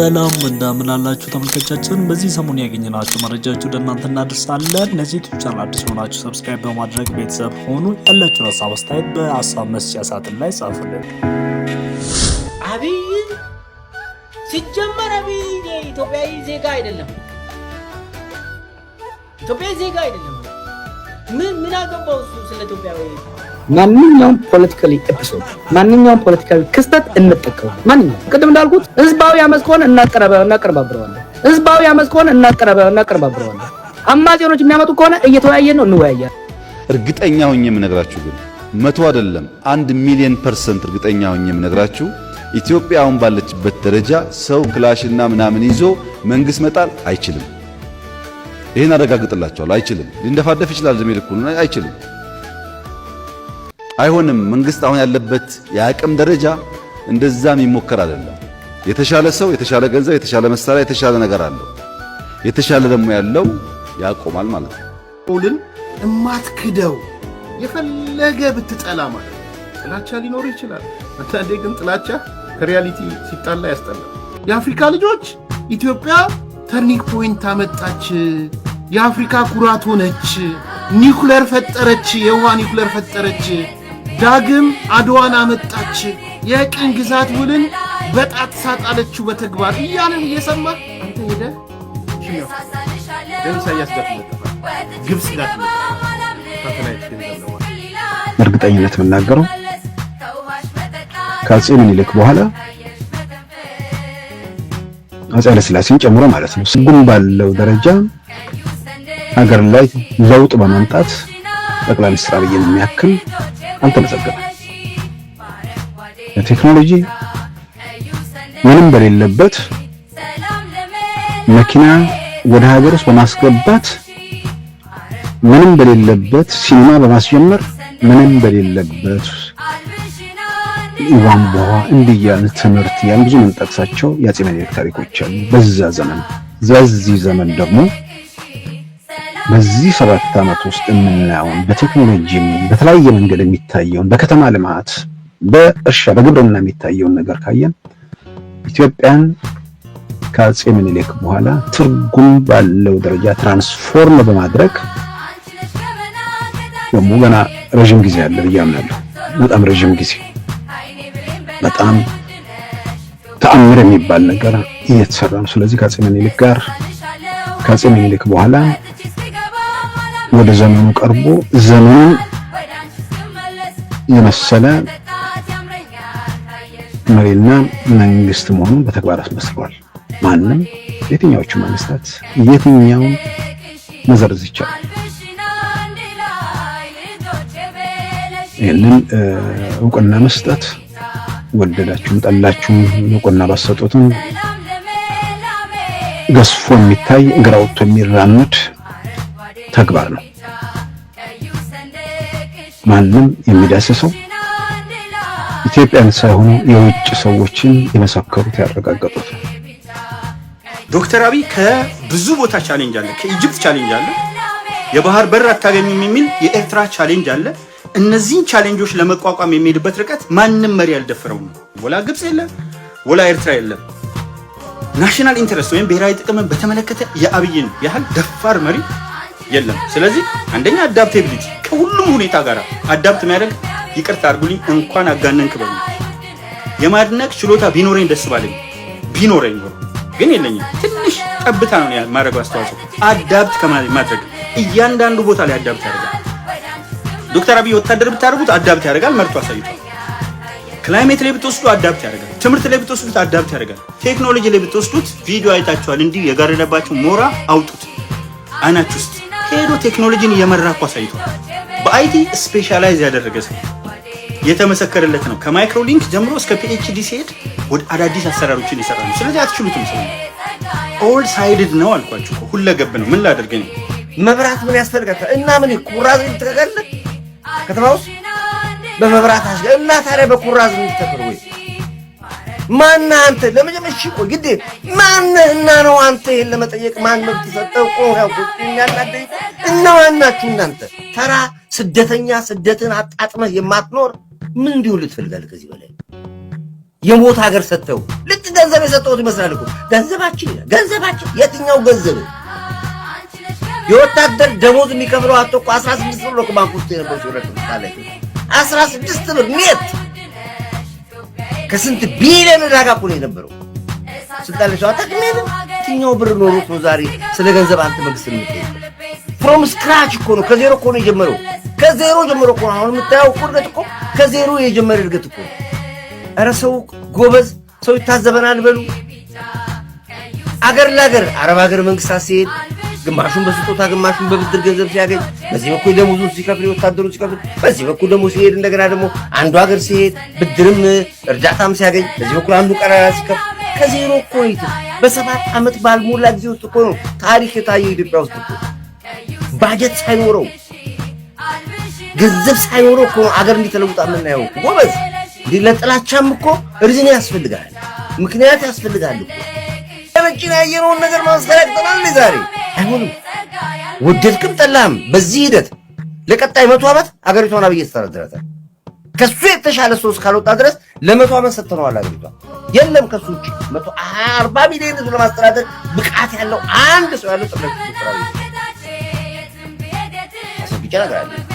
ሰላም እንደምን አላችሁ ተመልካቾቻችን። በዚህ ሰሞን ያገኘናችሁ መረጃዎች ወደ እናንተ እናደርሳለን። ለዚህ ዩቲዩብ ቻናል አዲስ ሆናችሁ ሰብስክራይብ በማድረግ ቤተሰብ ሆኑ። ያላችሁ ሀሳብ አስተያየት በሀሳብ መስጫ ሳጥን ላይ ጻፉልን። አብይ ሲጀመር አብይ የኢትዮጵያዊ ዜጋ አይደለም፣ ኢትዮጵያዊ ዜጋ አይደለም። ምን ምን አገባው እሱ ስለ ኢትዮጵያዊ ማንኛውም ፖለቲካሊ ኤፒሶድ ማንኛውም ፖለቲካዊ ክስተት እንጠቀም። ማንኛውም ቅድም እንዳልኩት ህዝባዊ አመፅ ከሆነ እናቀነባብረዋለን። ህዝባዊ አመፅ ከሆነ እናቀነባብረዋለን። አማጺዎች የሚያመጡ ከሆነ እየተወያየን ነው፣ እንወያያለን። እርግጠኛ ሆኜ የምነግራችሁ ግን መቶ አይደለም አንድ ሚሊዮን ፐርሰንት እርግጠኛ ሆኜ የምነግራችሁ ኢትዮጵያ አሁን ባለችበት ደረጃ ሰው ክላሽና ምናምን ይዞ መንግስት መጣል አይችልም። ይህን አረጋግጥላችኋለሁ። አይችልም። ሊንደፋደፍ ይችላል፣ ዕድሜ አይችልም። አይሆንም። መንግስት አሁን ያለበት የአቅም ደረጃ እንደዛም ይሞከራል አይደለም። የተሻለ ሰው፣ የተሻለ ገንዘብ፣ የተሻለ መሳሪያ፣ የተሻለ ነገር አለው። የተሻለ ደግሞ ያለው ያቆማል ማለት ነው። ሁሉን እማትክደው የፈለገ ብትጠላ ማለት ጥላቻ ሊኖር ይችላል። አንዳንዴ ግን ጥላቻ ከሪያሊቲ ሲጣላ ያስጠላል። የአፍሪካ ልጆች ኢትዮጵያ ተርኒክ ፖይንት አመጣች፣ የአፍሪካ ኩራት ሆነች፣ ኒኩሌር ፈጠረች፣ የውሃ ኒኩሌር ፈጠረች ዳግም አድዋን አመጣች፣ የቅኝ ግዛት ውልን በጣት ሳጣለችው በተግባር እያለን እየሰማ አንተ ሄደ ኢሳያስ ጋር ጋር እርግጠኝነት የምናገረው ከአፄ ምኒልክ በኋላ አፄ ኃይለሥላሴን ጨምሮ ማለት ነው ስጉም ባለው ደረጃ ሀገር ላይ ለውጥ በማምጣት ጠቅላይ ሚኒስትር አብይን የሚያክል አልተመዘገበ ቴክኖሎጂ ምንም በሌለበት መኪና ወደ ሀገር ውስጥ በማስገባት ምንም በሌለበት ሲኒማ በማስጀመር ምንም በሌለበት ቧንቧ እንዲያን ትምህርት ያን ብዙ የምንጠቅሳቸው የአፄ ምኒልክ ታሪኮች አሉ። በዛ ዘመን በዚህ ዘመን ደግሞ በዚህ ሰባት ዓመት ውስጥ የምናየውን በቴክኖሎጂ በተለያየ መንገድ የሚታየውን በከተማ ልማት፣ በእርሻ በግብርና የሚታየውን ነገር ካየን ኢትዮጵያን ከአፄ ምኒልክ በኋላ ትርጉም ባለው ደረጃ ትራንስፎርም በማድረግ ደግሞ ገና ረዥም ጊዜ አለ ብዬ አምናለሁ። በጣም ረዥም ጊዜ በጣም ተአምር የሚባል ነገር እየተሰራ ነው። ስለዚህ ከአፄ ምኒልክ ጋር ከአፄ ምኒልክ በኋላ ወደ ዘመኑ ቀርቦ ዘመኑን የመሰለ መሪና መንግስት መሆኑን በተግባር አስመስሏል። ማንም የትኛዎቹ መንግስታት የትኛውን መዘርዝ ይቻላል። ይህንን እውቅና መስጠት ወደዳችሁም ጠላችሁም እውቅና ባሰጡትም ገዝፎ የሚታይ ግራ ወጥቶ የሚራመድ ተግባር ነው። ማንም የሚዳስሰው ኢትዮጵያን ሳይሆኑ የውጭ ሰዎችን የመሰከሩት ያረጋገጡት። ዶክተር አብይ ከብዙ ቦታ ቻሌንጅ አለ። ከኢጅፕት ቻሌንጅ አለ። የባህር በር አታገኙም የሚል የኤርትራ ቻሌንጅ አለ። እነዚህን ቻሌንጆች ለመቋቋም የሚሄድበት ርቀት ማንም መሪ ያልደፈረው ነው። ወላ ግብፅ የለም፣ ወላ ኤርትራ የለም። ናሽናል ኢንተረስት ወይም ብሔራዊ ጥቅምን በተመለከተ የአብይን ያህል ደፋር መሪ የለም። ስለዚህ አንደኛ አዳፕቴብሊቲ ከሁሉም ሁኔታ ጋር አዳፕት የሚያደርግ ይቅርታ አድርጉልኝ እንኳን አጋነንክ በሉ የማድነቅ ችሎታ ቢኖረኝ ደስ ባለኝ ቢኖረኝ ነው፣ ግን የለኝም። ትንሽ ጠብታ ነው የማድረገው አስተዋጽኦ አዳፕት ከማድረግ እያንዳንዱ ቦታ ላይ አዳፕት ያደርጋል። ዶክተር አብይ ወታደር ብታደርጉት አዳፕት ያደርጋል፣ መርቶ አሳይቷል። ክላይሜት ላይ ብትወስዱ አዳፕት ያደርጋል። ትምህርት ላይ ብትወስዱት አዳፕት ያደርጋል። ቴክኖሎጂ ላይ ብትወስዱት ቪዲዮ አይታችኋል። እንዲህ የጋረደባቸው ሞራ አውጡት አናች ውስጥ ሄዶ ቴክኖሎጂን እየመራ እኮ አሳይቷል። በአይቲ ስፔሻላይዝ ያደረገ ሰው የተመሰከረለት ነው። ከማይክሮ ሊንክ ጀምሮ እስከ ፒኤችዲ ሲሄድ ወደ አዳዲስ አሰራሮችን ይሰራ ነው። ስለዚህ አትችሉትም። ሰው ኦል ሳይድድ ነው አልኳችሁ። ሁለገብ ነው። ምን ላደርግ ነው? መብራት ምን ያስፈልጋል? እና ምን ኩራዝ ተቀለ ከተማ ውስጥ በመብራት አሽገ እና ታዲያ በኩራዝ ምን ተፈርወይ ማነህ አንተ? ለመጀመሪያ እሺ፣ ቆይ ግዴ ማነህና ነው አንተ ይሄን ለመጠየቅ ማን መብት ሰጠው? ቆይ ያው የሚያናደኝ እና ዋናችሁ እናንተ ተራ ስደተኛ ስደትን አጣጥመህ የማትኖር ምን እንዲሆን ልትፈልጋል? ከዚህ በላይ የሞት ሀገር ሰጥተው ልክ ገንዘብ የሰጠሁት ይመስላል እኮ ገንዘባችን ገንዘባችን የትኛው ገንዘብ የወታደር ደሞዝ የሚከፍለው አቶ እኮ 16 ብር ነው። ባንክ ውስጥ የነበረው ሲወረድ ምሳሌ 16 ብር ሜት ከስንት ቢሊዮን ዕዳ ጋር ነው የነበረው። ስልጣን ላይ አጠቅሜ የትኛው ብር ኖሮት ነው ዛሬ ስለ ገንዘብ አንተ መንግስት የምትሄድ? ፍሮም ስክራች እኮ ነው ከዜሮ እኮ ነው የጀመረው። ከዜሮ ጀምሮ እኮ ነው አሁን የምታየው እኮ እድገት እኮ ከዜሮ የጀመረ እድገት እኮ። ኧረ ሰው ጎበዝ ሰው ይታዘበናል በሉ አገር ለአገር አረብ ሀገር መንግስታት ሲሄድ ግማሹን በስጦታ ግማሹን በብድር ገንዘብ ሲያገኝ፣ በዚህ በኩል ደሞዙ ሲከፍል ወታደሩ ሲከፍል፣ በዚህ በኩል ደግሞ ሲሄድ እንደገና ደግሞ አንዱ ሀገር ሲሄድ ብድርም እርዳታም ሲያገኝ፣ በዚህ በኩል አንዱ ቀራራ ሲከፍል ከዜሮ እኮ በሰባት ዓመት ባልሞላ ጊዜ ውስጥ እኮ ነው ታሪክ የታየው ኢትዮጵያ ውስጥ እኮ ባጀት ሳይኖረው ገንዘብ ሳይኖረው እኮ አገር እንዲተለውጣ የምናየው ጎበዝ። ለጥላቻም እኮ እርዝን ያስፈልጋል፣ ምክንያት ያስፈልጋል እኮ። ያየነውን ነገር ማስተላቅጠናል ዛሬ አይሆንም። ወደድክም ጠላህም በዚህ ሂደት ለቀጣይ መቶ ዓመት አገሪቷን አብይ ተስተዳድራታል። ከሱ የተሻለ ሰው እስካልወጣ ድረስ ለመቶ ዓመት ሰጥተነዋል። አገሪቷ የለም ከሱ ውጭ መቶ አርባ ሚሊዮን ህዝብ ለማስተዳደር ብቃት ያለው አንድ ሰው ያለው ጥረት ይሰራል። ነገር አለ